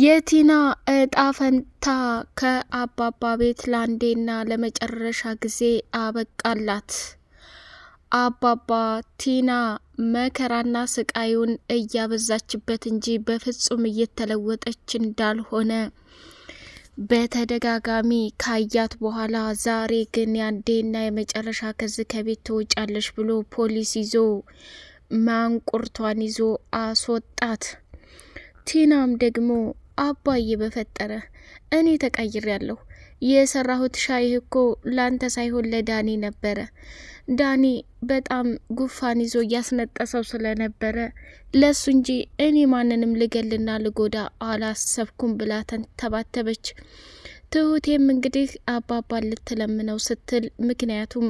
የቲና እጣ ፈንታ ከአባባ ቤት ለአንዴና ለመጨረሻ ጊዜ አበቃላት። አባባ ቲና መከራና ስቃዩን እያበዛችበት እንጂ በፍጹም እየተለወጠች እንዳልሆነ በተደጋጋሚ ካያት በኋላ ዛሬ ግን ያንዴና የመጨረሻ ከዚህ ከቤት ትወጫለሽ ብሎ ፖሊስ ይዞ ማንቁርቷን ይዞ አስወጣት። ቲናም ደግሞ አባዬ በፈጠረ እኔ ተቀይር ያለሁ የሰራሁት ሻይህ እኮ ላንተ ሳይሆን ለዳኒ ነበረ። ዳኒ በጣም ጉፋን ይዞ እያስነጠሰው ስለነበረ ለሱ እንጂ እኔ ማንንም ልገልና ልጎዳ አላሰብኩም ብላ ተንተባተበች። ትሁቴም እንግዲህ አባባ ልትለምነው ስትል ምክንያቱም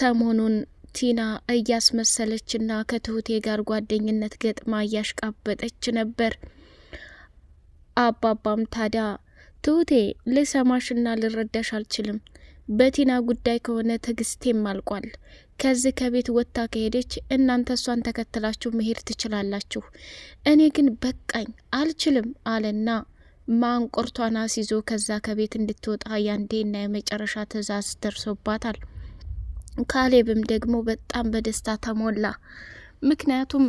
ሰሞኑን ቲና እያስመሰለችና ከትሁቴ ጋር ጓደኝነት ገጥማ እያሽቃበጠች ነበር። አባባም ታዲያ ትሁቴ ልሰማሽና ልረዳሽ አልችልም። በቲና ጉዳይ ከሆነ ትግስቴም አልቋል። ከዚህ ከቤት ወጥታ ከሄደች እናንተ እሷን ተከትላችሁ መሄድ ትችላላችሁ። እኔ ግን በቃኝ አልችልም አለና ማንቆርቷን አስይዞ ከዛ ከቤት እንድትወጣ ያንዴና የመጨረሻ ትዕዛዝ ደርሶባታል። ካሌብም ደግሞ በጣም በደስታ ተሞላ። ምክንያቱም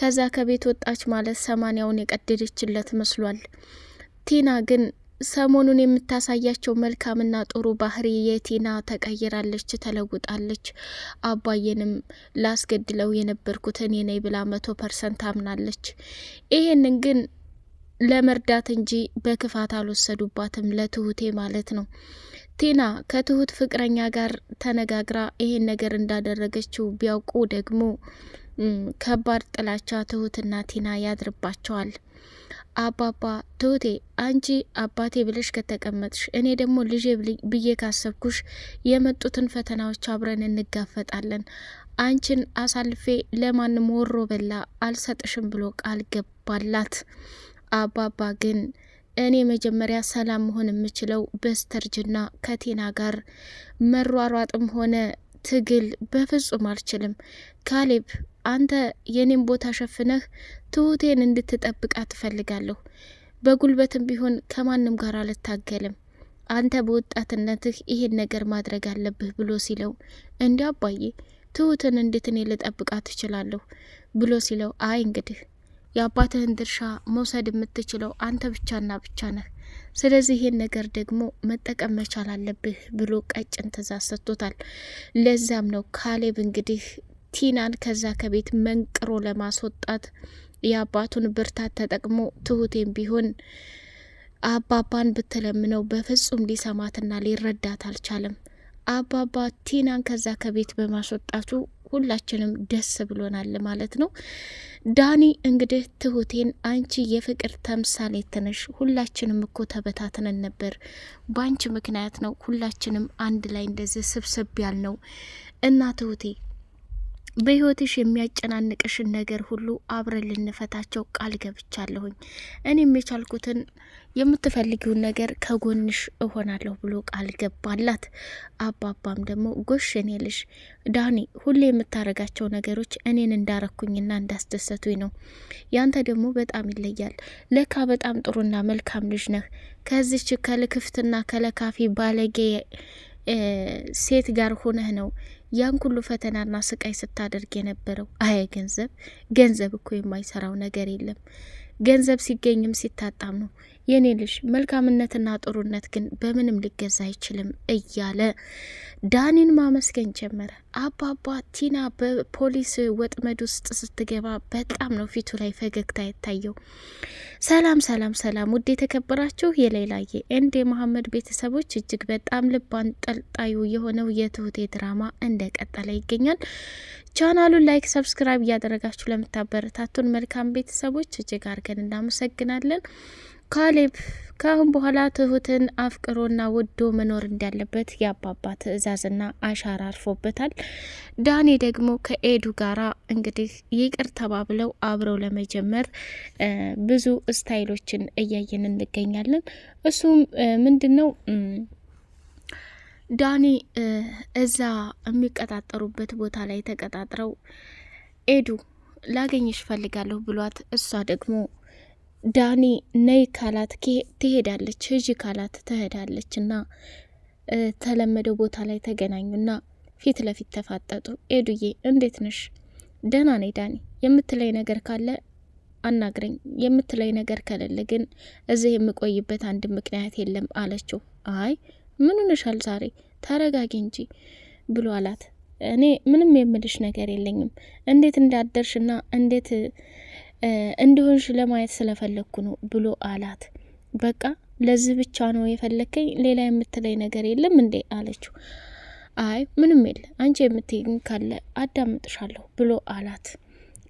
ከዛ ከቤት ወጣች ማለት ሰማንያውን የቀደደችለት መስሏል። ቲና ግን ሰሞኑን የምታሳያቸው መልካምና ጥሩ ባህሪ የቲና ተቀይራለች፣ ተለውጣለች። አባዬንም ላስገድለው የነበርኩት እኔ ነኝ ብላ መቶ ፐርሰንት አምናለች። ይሄንን ግን ለመርዳት እንጂ በክፋት አልወሰዱባትም፣ ለትሁቴ ማለት ነው። ቲና ከትሁት ፍቅረኛ ጋር ተነጋግራ ይሄን ነገር እንዳደረገችው ቢያውቁ ደግሞ ከባድ ጥላቻ ትሁትና ቲና ያድርባቸዋል። አባባ ትሁቴ አንቺ አባቴ ብለሽ ከተቀመጥሽ እኔ ደግሞ ልጄ ብዬ ካሰብኩሽ የመጡትን ፈተናዎች አብረን እንጋፈጣለን። አንቺን አሳልፌ ለማንም ወሮ በላ አልሰጥሽም ብሎ ቃል ገባላት። አባባ ግን እኔ መጀመሪያ ሰላም መሆን የምችለው በስተርጅና ከቴና ጋር መሯሯጥም ሆነ ትግል በፍጹም አልችልም ካሌብ አንተ የኔን ቦታ ሸፍነህ ትሁቴን እንድትጠብቃ ትፈልጋለሁ። በጉልበትም ቢሆን ከማንም ጋር አልታገልም። አንተ በወጣትነትህ ይሄን ነገር ማድረግ አለብህ ብሎ ሲለው እንዲ አባዬ ትሁትን እንዴት እኔ ልጠብቃ ትችላለሁ ብሎ ሲለው አይ እንግዲህ የአባትህን ድርሻ መውሰድ የምትችለው አንተ ብቻና ብቻ ነህ። ስለዚህ ይሄን ነገር ደግሞ መጠቀም መቻል አለብህ ብሎ ቀጭን ትዕዛዝ ሰጥቶታል። ለዛም ነው ካሌብ እንግዲህ ቲናን ከዛ ከቤት መንቅሮ ለማስወጣት የአባቱን ብርታት ተጠቅሞ ትሁቴም ቢሆን አባባን ብትለምነው በፍጹም ሊሰማትና ሊረዳት አልቻለም። አባባ ቲናን ከዛ ከቤት በማስወጣቱ ሁላችንም ደስ ብሎናል ማለት ነው። ዳኒ እንግዲህ ትሁቴን አንቺ የፍቅር ተምሳሌት ነሽ፣ ሁላችንም እኮ ተበታትነን ነበር፣ በአንቺ ምክንያት ነው ሁላችንም አንድ ላይ እንደዚህ ስብስብ ያልነው እና ትሁቴ በህይወትሽ የሚያጨናንቅሽን ነገር ሁሉ አብረን ልንፈታቸው ቃል ገብቻለሁኝ። እኔም የቻልኩትን የምትፈልጊውን ነገር ከጎንሽ እሆናለሁ ብሎ ቃል ገባላት። አባባም ደግሞ ጎሽ እኔ ልሽ ዳኒ፣ ሁሌ የምታረጋቸው ነገሮች እኔን እንዳረኩኝና እንዳስደሰቱኝ ነው። ያንተ ደግሞ በጣም ይለያል። ለካ በጣም ጥሩና መልካም ልጅ ነህ። ከዚች ከልክፍትና ከለካፊ ባለጌ ሴት ጋር ሆነህ ነው ያን ሁሉ ፈተናና ስቃይ ስታደርግ የነበረው አየ ገንዘብ ገንዘብ እኮ የማይሰራው ነገር የለም። ገንዘብ ሲገኝም ሲታጣም ነው። የኔ ልጅ መልካምነትና ጥሩነት ግን በምንም ሊገዛ አይችልም እያለ ዳኒን ማመስገን ጀመረ። አባባ ቲና በፖሊስ ወጥመድ ውስጥ ስትገባ በጣም ነው ፊቱ ላይ ፈገግታ የታየው። ሰላም ሰላም ሰላም! ውድ የተከበራችሁ የሌላዬ እንዴ መሀመድ ቤተሰቦች እጅግ በጣም ልብ አንጠልጣዩ የሆነው የትሁቴ ድራማ እንደቀጠለ ይገኛል። ቻናሉን ላይክ፣ ሰብስክራይብ እያደረጋችሁ ለምታበረታቱን መልካም ቤተሰቦች እጅግ አድርገን እናመሰግናለን። ካሌብ ከአሁን በኋላ ትሁትን አፍቅሮና ወዶ መኖር እንዳለበት የአባባ ትዕዛዝና አሻራ አርፎበታል። ዳኒ ደግሞ ከኤዱ ጋራ እንግዲህ ይቅር ተባብለው አብረው ለመጀመር ብዙ ስታይሎችን እያየን እንገኛለን። እሱም ምንድን ነው ዳኒ እዛ የሚቀጣጠሩበት ቦታ ላይ ተቀጣጥረው ኤዱ ላገኝ ፈልጋለሁ ብሏት እሷ ደግሞ ዳኒ ነይ ካላት ትሄዳለች፣ ህዥ ካላት ትሄዳለች። እና ተለመደው ቦታ ላይ ተገናኙና ፊት ለፊት ተፋጠጡ። ኤዱዬ እንዴት ነሽ? ደህና ነኝ ዳኒ፣ የምትለይ ነገር ካለ አናግረኝ፣ የምትለይ ነገር ከሌለ ግን እዚህ የምቆይበት አንድ ምክንያት የለም አለችው። አይ ምን ሆነሻል ዛሬ? ተረጋጊ እንጂ ብሎ አላት። እኔ ምንም የምልሽ ነገር የለኝም እንዴት እንዳደርሽና እንዴት እንደሆንሽ ለማየት ስለፈለግኩ ነው ብሎ አላት። በቃ ለዚህ ብቻ ነው የፈለግከኝ? ሌላ የምትለኝ ነገር የለም እንዴ አለችው። አይ ምንም የለ አንቺ የምትይኝ ካለ አዳምጥሻለሁ ብሎ አላት።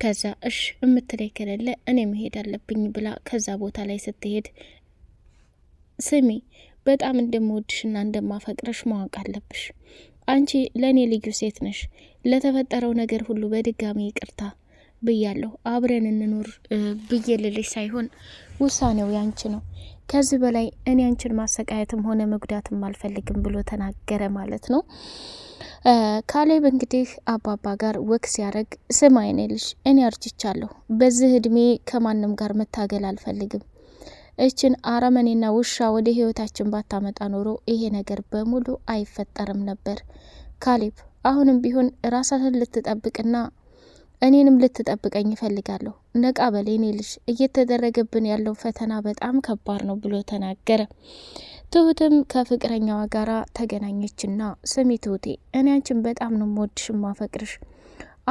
ከዛ እሽ የምትለኝ ከሌለ እኔ መሄድ አለብኝ ብላ ከዛ ቦታ ላይ ስትሄድ ስሚ በጣም እንደምወድሽና እንደማፈቅረሽ ማወቅ አለብሽ። አንቺ ለእኔ ልዩ ሴት ነሽ። ለተፈጠረው ነገር ሁሉ በድጋሚ ይቅርታ ብያለሁ። አብረን እንኖር ብዬ ልልሽ ሳይሆን ውሳኔው ያንቺ ነው። ከዚህ በላይ እኔ አንቺን ማሰቃየትም ሆነ መጉዳትም አልፈልግም ብሎ ተናገረ ማለት ነው። ካሌብ እንግዲህ አባባ ጋር ወክ ሲያደርግ ስም አይኔ ልሽ እኔ አርጅቻለሁ። በዚህ እድሜ ከማንም ጋር መታገል አልፈልግም። እችን አረመኔና ውሻ ወደ ህይወታችን ባታመጣ ኖሮ ይሄ ነገር በሙሉ አይፈጠርም ነበር። ካሌብ አሁንም ቢሆን ራሳትን ልትጠብቅና እኔንም ልትጠብቀኝ እፈልጋለሁ። ነቃ በል የኔ ልጅ፣ እየተደረገብን ያለው ፈተና በጣም ከባድ ነው ብሎ ተናገረ። ትሁትም ከፍቅረኛዋ ጋር ተገናኘችና ስሚ ትሁቴ፣ እኔ አንቺን በጣም ነው የምወድሽ የማፈቅርሽ።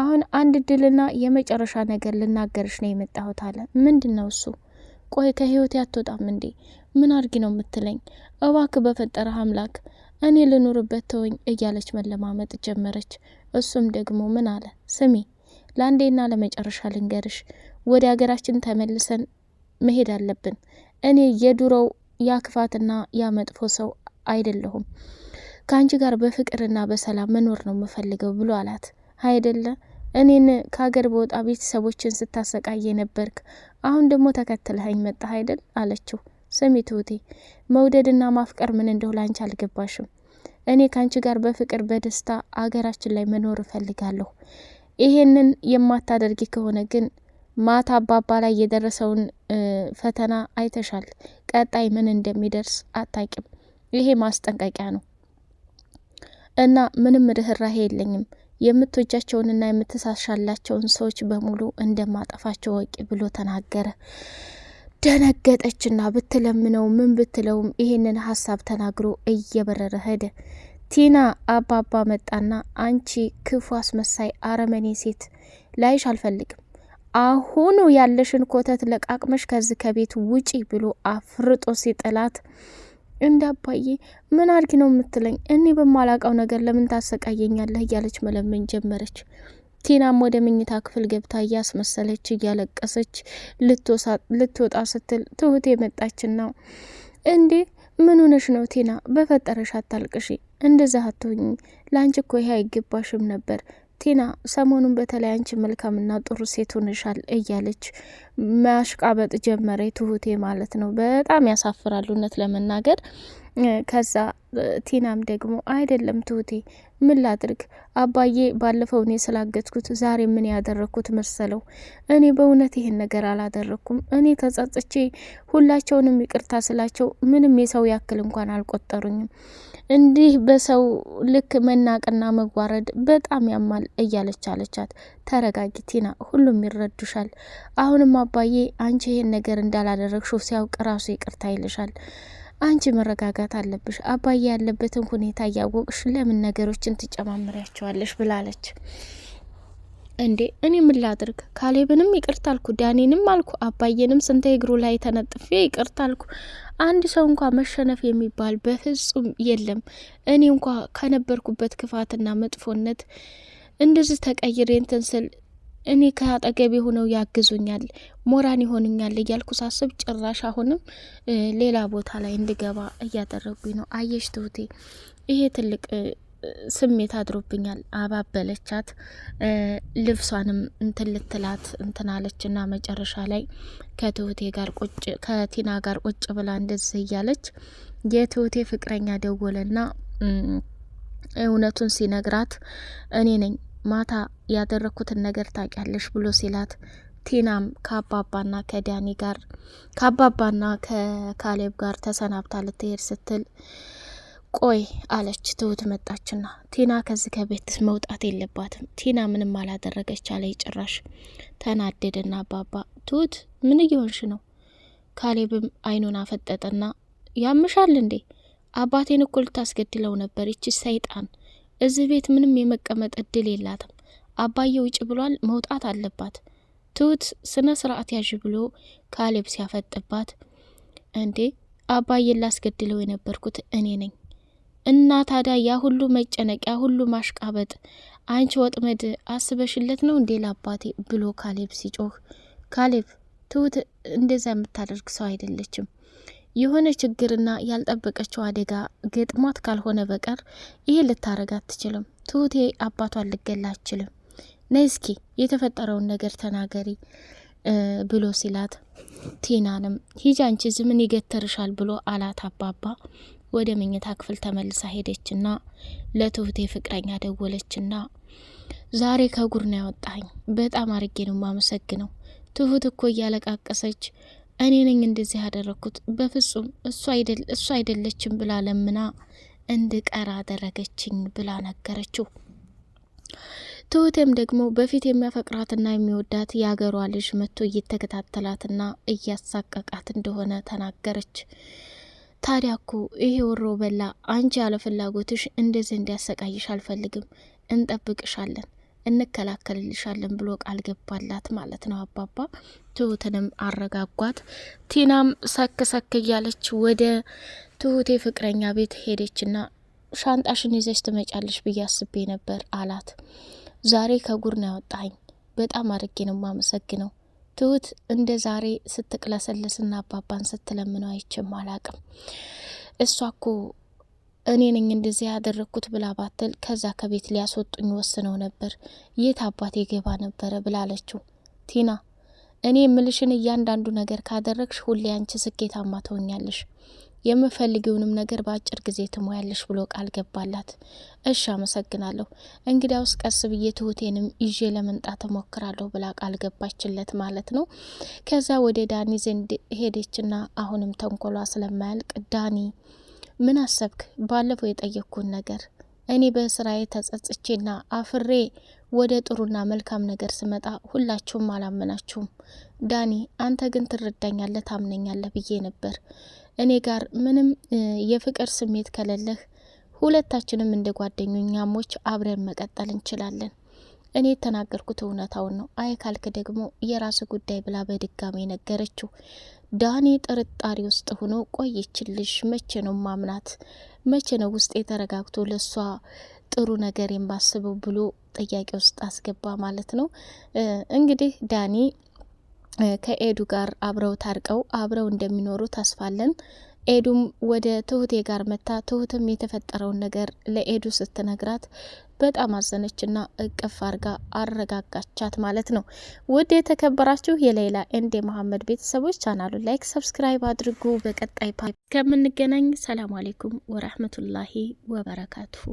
አሁን አንድ እድልና የመጨረሻ ነገር ልናገርሽ ነው የመጣሁት አለ። ምንድን ነው እሱ? ቆይ ከህይወቴ አትወጣም እንዴ? ምን አድርጊ ነው የምትለኝ? እባክ በፈጠረ አምላክ እኔ ልኑርበት ተወኝ እያለች መለማመጥ ጀመረች። እሱም ደግሞ ምን አለ? ስሜ? ለአንዴና ለመጨረሻ ልንገርሽ፣ ወደ ሀገራችን ተመልሰን መሄድ አለብን። እኔ የድሮው ያ ክፋትና ያ መጥፎ ሰው አይደለሁም። ከአንቺ ጋር በፍቅርና በሰላም መኖር ነው የምፈልገው ብሎ አላት። አይደለ እኔን ከሀገር በወጣ ቤተሰቦችን ስታሰቃየ ነበርክ፣ አሁን ደግሞ ተከትለኸኝ መጣህ አይደል አለችው። ስሚ ትሁቴ፣ መውደድና ማፍቀር ምን እንደሆ ለአንቺ አልገባሽም። እኔ ከአንቺ ጋር በፍቅር በደስታ አገራችን ላይ መኖር እፈልጋለሁ። ይሄንን የማታደርጊ ከሆነ ግን ማታ አባባ ላይ የደረሰውን ፈተና አይተሻል። ቀጣይ ምን እንደሚደርስ አታቂም። ይሄ ማስጠንቀቂያ ነው እና ምንም ርኅራሄ የለኝም። የምትወጃቸውንና የምትሳሻላቸውን ሰዎች በሙሉ እንደማጠፋቸው ወቂ ብሎ ተናገረ። ደነገጠችና ብትለምነው ምን ብትለውም ይህንን ሀሳብ ተናግሮ እየበረረ ሄደ። ቲና አባባ መጣና አንቺ ክፉ አስመሳይ አረመኔ ሴት ላይሽ አልፈልግም፣ አሁኑ ያለሽን ኮተት ለቃቅመሽ ከዚህ ከቤት ውጪ ብሎ አፍርጦ ሲጥላት እንደ አባዬ ምን አድርጊ ነው የምትለኝ? እኔ በማላውቀው ነገር ለምን ታሰቃየኛለህ? እያለች መለመን ጀመረች። ቲናም ወደ መኝታ ክፍል ገብታ እያስመሰለች እያለቀሰች ልትወጣ ስትል ትሁቴ መጣችና እንዴ ምን ሆነሽ ነው ቲና? በፈጠረሽ አታልቅሺ፣ እንደዛ አትሆኝ። ለአንቺ እኮ ይሄ አይገባሽም ነበር ቲና። ሰሞኑን በተለይ አንቺ መልካምና ጥሩ ሴት ሆነሻል እያለች ማሽቃበጥ ጀመረ ትሁቴ ማለት ነው። በጣም ያሳፍራል እውነት ለመናገር ከዛ ቲናም ደግሞ አይደለም ትሁቴ፣ ምን ላድርግ አባዬ፣ ባለፈው እኔ ስላገትኩት ዛሬ ምን ያደረግኩት መሰለው? እኔ በእውነት ይሄን ነገር አላደረግኩም። እኔ ተጸጽቼ ሁላቸውንም ይቅርታ ስላቸው ምንም የሰው ያክል እንኳን አልቆጠሩኝም። እንዲህ በሰው ልክ መናቅና መጓረድ በጣም ያማል እያለች አለቻት። ተረጋጊ ቲና፣ ሁሉም ይረዱሻል። አሁንም አባዬ አንቺ ይሄን ነገር እንዳላደረግሽው ሲያውቅ ራሱ ይቅርታ ይልሻል። አንቺ መረጋጋት አለብሽ፣ አባዬ ያለበትን ሁኔታ እያወቅሽ ለምን ነገሮችን ትጨማምሪያቸዋለሽ? ብላለች። እንዴ እኔ ምን ላድርግ? ካሌብንም ይቅርታ አልኩ፣ ዳኔንም አልኩ፣ አባዬንም ስንተ እግሩ ላይ ተነጥፌ ይቅርታ አልኩ። አንድ ሰው እንኳ መሸነፍ የሚባል በፍጹም የለም። እኔ እንኳ ከነበርኩበት ክፋትና መጥፎነት እንደዚህ ተቀይሬ እንትን ስል እኔ ከአጠገቤ ሆነው ያግዙኛል፣ ሞራን ይሆኑኛል እያልኩ ሳስብ ጭራሽ አሁንም ሌላ ቦታ ላይ እንድገባ እያደረጉኝ ነው። አየሽ ትሁቴ፣ ይሄ ትልቅ ስሜት አድሮብኛል። አባበለቻት። ልብሷንም እንትን ልትላት እንትን መጨረሻ ላይ ከትሁቴ ጋር ቁጭ ከቲና ጋር ቁጭ ብላ እንደዚህ እያለች የትሁቴ ፍቅረኛ ደወለና እውነቱን ሲነግራት እኔ ነኝ ማታ ያደረግኩትን ነገር ታውቂያለሽ ብሎ ሲላት ቲናም ከአባባና ከዳኒ ጋር ከአባባና ከካሌብ ጋር ተሰናብታ ልትሄድ ስትል ቆይ አለች። ትሁት መጣችና ቲና ከዚህ ከቤት መውጣት የለባትም ቲና ምንም አላደረገች አለ ጭራሽ ተናደደና አባባ ትሁት ምን እየሆንሽ ነው? ካሌብም አይኑን አፈጠጠና ያምሻል እንዴ አባቴን እኮ ልታስገድለው ነበር ይቺ ሰይጣን እዚህ ቤት ምንም የመቀመጥ እድል የላትም። አባዬ ውጭ ብሏል፣ መውጣት አለባት። ትሁት ስነ ስርዓት ያዥ ብሎ ካሌብ ሲያፈጥባት፣ እንዴ አባዬን ላስገድለው የነበርኩት እኔ ነኝ እና ታዲያ ያ ሁሉ መጨነቅ፣ ያ ሁሉ ማሽቃበጥ አንቺ ወጥመድ አስበሽለት ነው እንዴ ለአባቴ ብሎ ካሌብ ሲጮህ፣ ካሌብ ትሁት እንደዛ የምታደርግ ሰው አይደለችም። የሆነ ችግርና ያልጠበቀችው አደጋ ገጥሟት ካልሆነ በቀር ይህ ልታረግ አትችልም። ትሁቴ አባቷን ልገላ አችልም። ነይ እስኪ የተፈጠረውን ነገር ተናገሪ ብሎ ሲላት ቲናንም ሂጂ አንቺ ዝምን ይገተርሻል ብሎ አላት አባባ። ወደ መኝታ ክፍል ተመልሳ ሄደችና ለትሁቴ ፍቅረኛ ደወለችና ዛሬ ከጉር ነው ያወጣኝ፣ በጣም አርጌ ነው ማመሰግነው። ትሁት እኮ እያለቃቀሰች እኔ ነኝ እንደዚህ ያደረግኩት፣ በፍጹም እሱ አይደለችም ብላ ለምና እንድቀር አደረገችኝ ብላ ነገረችው። ትሁቴም ደግሞ በፊት የሚያፈቅራትና የሚወዳት የአገሯ ልጅ መጥቶ እየተከታተላትና እያሳቀቃት እንደሆነ ተናገረች። ታዲያ እኮ ይሄ ወሮ በላ አንቺ ያለ ፍላጎትሽ እንደዚህ እንዲያሰቃይሽ አልፈልግም፣ እንጠብቅሻለን፣ እንከላከልልሻለን ብሎ ቃል ገባላት ማለት ነው አባባ ትሁትንም አረጋጓት። ቲናም ሰክ ሰክ እያለች ወደ ትሁቴ ፍቅረኛ ቤት ሄደችና ሻንጣሽን ይዘሽ ትመጫለሽ ብዬ አስቤ ነበር አላት። ዛሬ ከጉር ነው ያወጣኝ። በጣም አድርጌ ነው ማመሰግነው። ትሁት እንደ ዛሬ ስትቅለሰልስና አባባን ስትለምነው አይችም አላቅም። እሷ ኮ እኔ ነኝ እንደዚህ ያደረግኩት ብላ ባትል ከዛ ከቤት ሊያስወጡኝ ወስነው ነበር፣ የት አባቴ ገባ ነበረ ብላለችው ቲና እኔ የምልሽን እያንዳንዱ ነገር ካደረግሽ ሁሌ አንቺ ስኬታማ ትሆኛለሽ፣ የምፈልጊውንም ነገር በአጭር ጊዜ ትሞያለሽ ብሎ ቃል ገባላት። እሺ አመሰግናለሁ፣ እንግዲያውስ ቀስ ብዬ ትሁቴንም ይዤ ለመምጣት እሞክራለሁ ብላ ቃል ገባችለት ማለት ነው። ከዛ ወደ ዳኒ ዘንድ ሄደችና አሁንም ተንኮሏ ስለማያልቅ ዳኒ ምን አሰብክ? ባለፈው የጠየቅኩን ነገር እኔ በስራዬ ተጸጽቼና አፍሬ ወደ ጥሩና መልካም ነገር ስመጣ ሁላችሁም አላመናችሁም። ዳኒ አንተ ግን ትረዳኛለህ፣ ታምነኛለህ ብዬ ነበር። እኔ ጋር ምንም የፍቅር ስሜት ከሌለህ ሁለታችንም እንደ ጓደኞኛሞች አብረን መቀጠል እንችላለን። እኔ የተናገርኩት እውነታውን ነው፣ አይ ካልክ ደግሞ የራስ ጉዳይ ብላ በድጋሚ ነገረችው። ዳኒ ጥርጣሬ ውስጥ ሆኖ ቆየችልሽ፣ መቼ ነው ማምናት? መቼ ነው ውስጤ ተረጋግቶ ለሷ ጥሩ ነገር የማስበው ብሎ ጥያቄ ውስጥ አስገባ ማለት ነው። እንግዲህ ዳኒ ከኤዱ ጋር አብረው ታርቀው አብረው እንደሚኖሩ ተስፋለን። ኤዱም ወደ ትሁቴ ጋር መታ ትሁትም የተፈጠረውን ነገር ለኤዱ ስትነግራት በጣም አዘነችና እቅፍ አርጋ አረጋጋቻት ማለት ነው። ውድ የተከበራችሁ የሌላ ኤንዴ መሐመድ ቤተሰቦች ቻናሉን ላይክ፣ ሰብስክራይብ አድርጉ። በቀጣይ ከምንገናኝ ሰላም አሌይኩም ወረህመቱላሂ ወበረካቱሁ።